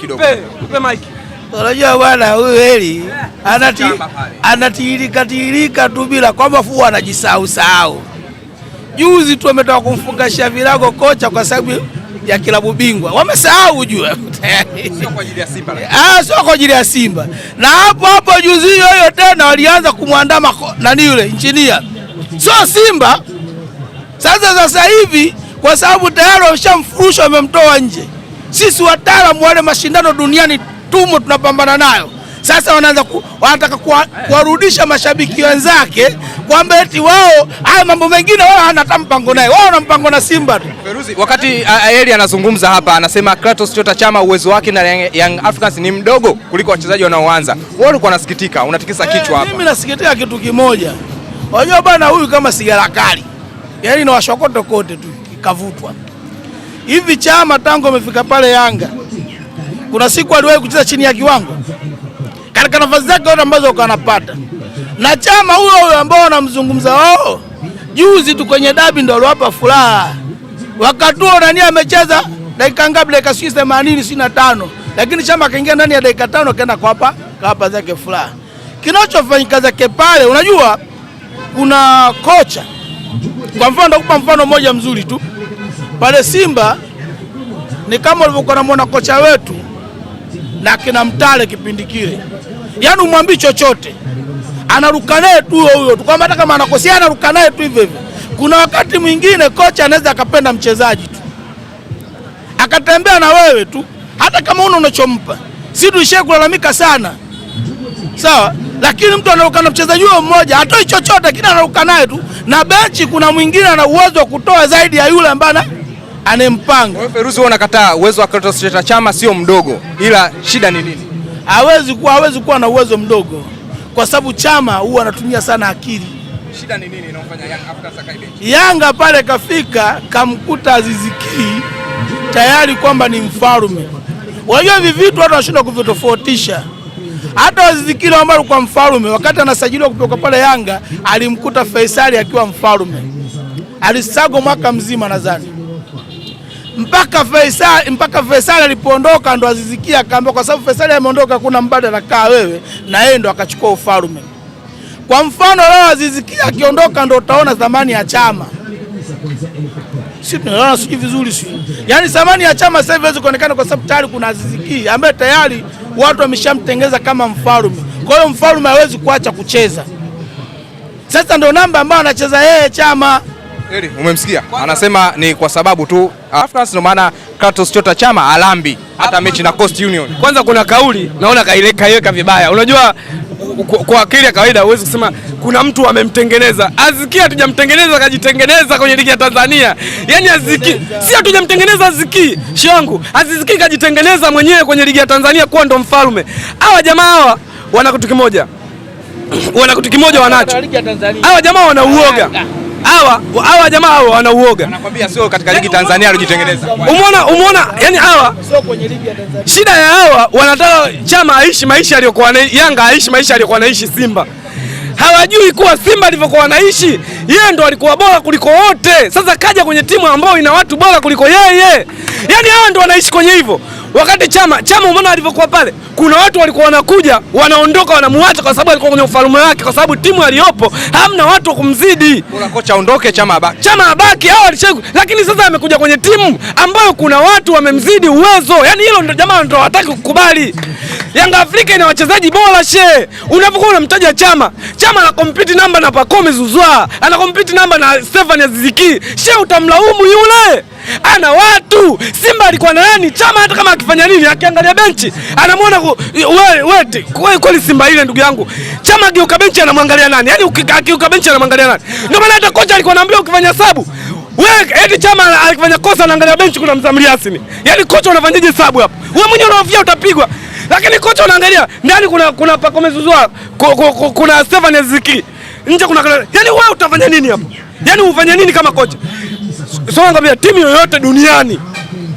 Kidogo. Unajua bwana huyu Eli anati anatiririka tiririka tu bila kwa mafua anajisahau sahau. Juzi tu ametoka kumfungashia virago kocha kwa sababu ya kilabu bingwa wamesahau, ujue sio kwa ajili ya Simba, ah, sio kwa ajili ya Simba. Na hapo hapo juzi hiyo hiyo tena walianza kumwandama nani yule injinia, sio Simba. Sasa sasa hivi kwa sababu tayari wameshamfurusha wamemtoa nje sisi wataalamu wale mashindano duniani tumo tunapambana nayo. Sasa wanaanza ku, wanataka kuwarudisha mashabiki wenzake kwamba eti wao haya mambo mengine wao hana hata mpango naye, wao wana mpango na Simba tu. Feruzi, wakati Aeli anazungumza hapa, anasema Kratos Chota Chama uwezo wake na Young Africans ni mdogo kuliko wachezaji wanaoanza. Wao walikuwa wanasikitika, unatikisa eh, kichwa hapa. Mimi nasikitika kitu kimoja, wajua bana, huyu kama sigara kali, yaani na washokoto kote tu ikavutwa hivi Chama tangu amefika pale Yanga, kuna siku aliwahi kucheza chini ya kiwango katika nafasi zake yote ambazo kanapata na Chama huyo huyo ambao wanamzungumza wao, juzi tu kwenye dabi ndo aliwapa furaha, wakati huo nani amecheza dakika ngapi? Dakika sijui themanini sijui na tano, lakini Chama akaingia ndani ya dakika tano akaenda kuwapa kawapa zake furaha. Kinachofanyika zake pale, unajua kuna kocha. Kwa mfano, nakupa mfano mmoja mzuri tu pale Simba ni kama ulivyokuwa namwona kocha wetu na kina Mtale kipindi kile, yaani umwambii chochote, anaruka naye tu huyo huyo tu, kwamba hata kama anakosea anaruka naye tu hivyo hivyo. Kuna wakati mwingine kocha anaweza akapenda mchezaji tu akatembea na wewe tu, hata kama una unachompa. Si tuishie kulalamika sana, sawa? Lakini mtu anaruka na mchezaji huyo mmoja, hatoi chochote, kila anaruka naye tu, na benchi kuna mwingine ana uwezo wa kutoa zaidi ya yule ambaye anempanga. Wewe Feruzi, wewe unakataa uwezo wa Clatous Chama sio mdogo, ila shida ni nini? Hawezi kuwa hawezi kuwa na uwezo mdogo kwa sababu Chama huwa anatumia sana akili. Shida ni nini inamfanya Yanga Afrika sasa Yanga pale kafika kamkuta Aziziki tayari kwamba ni mfalme. Unajua hivi vitu watu wanashindwa kuvitofautisha. Hata Aziziki ambao alikuwa mfalme wakati anasajiliwa kutoka pale Yanga alimkuta Faisali akiwa mfalme. Alisago mwaka mzima nadhani mpaka Faisal mpaka Faisal alipoondoka ndo azizikia akaambia, kwa sababu Faisal ameondoka, hakuna mbadala, kaa wewe, na yeye ndo akachukua ufalme. Kwa mfano leo Aziziki akiondoka, ndo utaona thamani ya chama. Sisi tunaona vizuri, sisi yani, thamani ya chama sasa haiwezi kuonekana, kwa sababu tayari kuna Aziziki ambaye tayari watu wameshamtengeza kama mfalme. Kwa hiyo mfalme hawezi kuacha kucheza. Sasa ndio namba ambayo anacheza yeye chama Eli, umemsikia anasema ni kwa sababu tu Africans, ndio maana Kratos Chota Chama alambi hata mechi na Coast Union. Kwanza kuna kauli naona kaiweka vibaya, unajua kwa akili ya kawaida huwezi kusema kuna mtu amemtengeneza Aziki. Hatujamtengeneza, akajitengeneza kwenye ligi ya Tanzania. Yani Aziki si hatujamtengeneza Aziki shangu, Aziki kajitengeneza mwenyewe kwenye ligi ya Tanzania kuwa ndo mfalme. Hawa jamaa hawa wana kitu kimoja, wana kitu kimoja wanacho hawa jamaa, wana uoga hawa hawa jamaa hawa uoga, Anakuambia sio katika ligi Tanzania alijitengeneza. Umeona, umeona yani hawa sio kwenye ligi ya Tanzania. Shida ya hawa wanataka Chama aishi maisha aliyokuwa na Yanga aishi maisha aliyokuwa naishi Simba. Hawajui kuwa Simba alivyokuwa naishi, yeye ndo alikuwa bora kuliko wote. Sasa kaja kwenye timu ambayo ina watu bora kuliko yeye. yani hawa ndo wanaishi kwenye hivyo. Wakati chama chama, umeona alivyokuwa pale, kuna watu walikuwa wanakuja wanaondoka, wanamuacha kwa sababu alikuwa kwenye ufalume wake, kwa sababu timu aliyopo hamna watu kumzidi. Kuna kocha aondoke, chama abaki, chama abaki, hao walishagu. Lakini sasa amekuja kwenye timu ambayo kuna watu wamemzidi uwezo, yani hilo ndio jamaa ndo hataki kukubali. Yanga Afrika ina wachezaji bora she. Unapokuwa unamtaja Chama, Chama ana compete namba na Pacome Zuzwa, ana compete namba na Stefan Aziziki. She utamlaumu yule? Ana watu. Simba alikuwa na nani? Chama hata kama akifanya nini, akiangalia benchi, anamwona wewe wewe kweli kweli Simba ile ndugu yangu. Chama akiuka benchi anamwangalia nani? Yaani ukiuka benchi anamwangalia nani? Ndio maana hata kocha alikuwa anaambia ukifanya sabu wewe eti Chama alifanya kosa, anaangalia benchi kuna mzamliasini. Yaani kocha unafanyaje sabu hapo? Wewe mwenyewe unaofia utapigwa lakini kocha unaangalia ndani kuna kuna pakomezuzwa kuna Stefan Aziki nje kuna yani wewe utafanya nini hapo? yani ufanye nini kama kocha? So ngambia timu yoyote duniani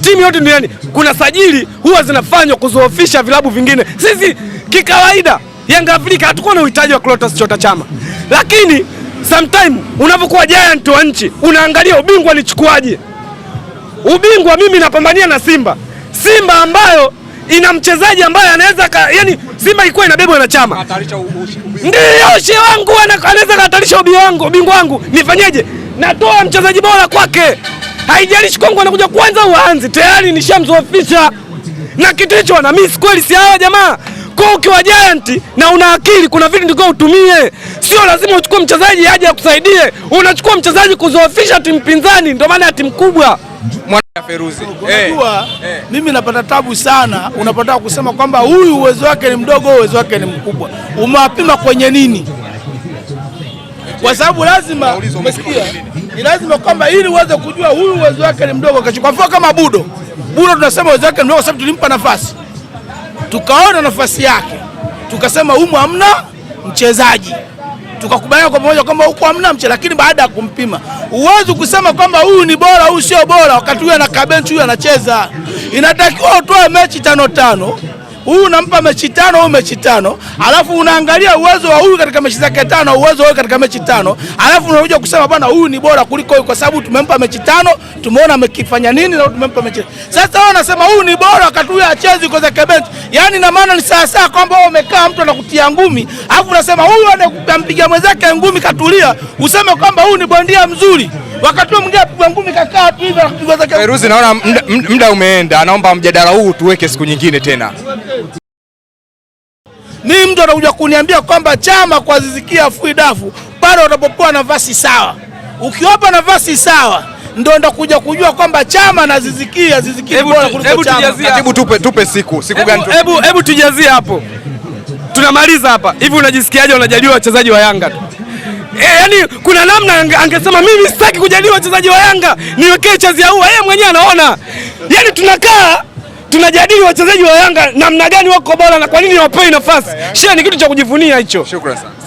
timu yote duniani kuna sajili huwa zinafanywa kuzoofisha vilabu vingine. Sisi kikawaida Yanga Afrika hatukuwa na uhitaji wa Clatous Chota Chama, lakini sometime unapokuwa giant wa nchi unaangalia ubingwa alichukuaje. Ubingwa mimi napambania na Simba, Simba ambayo ina mchezaji ambaye anaweza yani, Simba ilikuwa inabebwa na Chama, ndio ushi wangu anaweza kahatarisha ubi wangu, ubingwa wangu, nifanyeje? Natoa mchezaji bora kwake, haijalishi kwangu anakuja kwanza uanze, tayari nishamzoofisha na kitu hicho na mimi kweli, si hawa jamaa kwa ukiwa giant na una akili, kuna vitu ndiko utumie. Sio lazima uchukue mchezaji aje akusaidie, unachukua mchezaji kuzoofisha timu pinzani, ndio maana ya timu kubwa mwana ya Feruzi. Eh. Unajua hey. Eh. Mimi napata tabu sana unapotaka kusema kwamba huyu uwezo wake ni mdogo, uwezo wake ni mkubwa. Umewapima kwenye nini? Kwa sababu lazima umesikia, ni lazima kwamba ili uweze kujua huyu uwezo wake ni mdogo. Kwa mfano kama Budo, Budo tunasema uwezo wake ni mdogo sababu tulimpa nafasi, tukaona nafasi yake, tukasema humu hamna mchezaji tukakubaliana kwa pamoja kwamba huko hamna mche, lakini baada ya kumpima huwezi kusema kwamba huyu ni bora, huyu sio bora, wakati huyu ana kabenchi, huyu anacheza. Inatakiwa utoe mechi tano tano huyu unampa mechi tano, au mechi tano, alafu unaangalia uwezo wa huyu katika mechi zake tano, uwezo wa katika mechi tano, alafu unakuja kusema bwana, huyu ni bora kuliko huyu kwa sababu tumempa mechi tano, tumeona amekifanya nini na tumempa mechi. Sasa wao wanasema huyu ni bora wakati huyu achezi kwa zake bench, yani na maana ni sawa sawa kwamba wewe umekaa mtu anakutia ngumi, alafu unasema huyu anampiga mwenzake ngumi katulia, useme kwamba huyu ni bondia mzuri wakati mwingine apigwa ngumi kakaa tu hivi anapigwa zake. Feruzi, naona muda umeenda, naomba mjadala huu tuweke siku nyingine tena ni mtu anakuja kuniambia kwamba chama kwa zizikia fui dafu pale utapopewa nafasi sawa. Ukiwapa nafasi sawa ndio ndakuja kujua kwamba chama na zizikia zizikia bora kuliko chama. Hebu tupe, tupe siku siku gani? Hebu hebu tujazie hapo, tunamaliza hapa. Hivi unajisikiaje unajaliwa wachezaji wa Yanga tu? E, yani kuna namna angesema mimi sitaki kujaliwa wachezaji wa Yanga niwekee chazi ya ua, yeye mwenyewe anaona. Yani tunakaa tunajadili wachezaji wa Yanga namna gani wako bora na kwa nini hawapei nafasi. Shia ni kitu cha kujivunia hicho. Shukrani sana.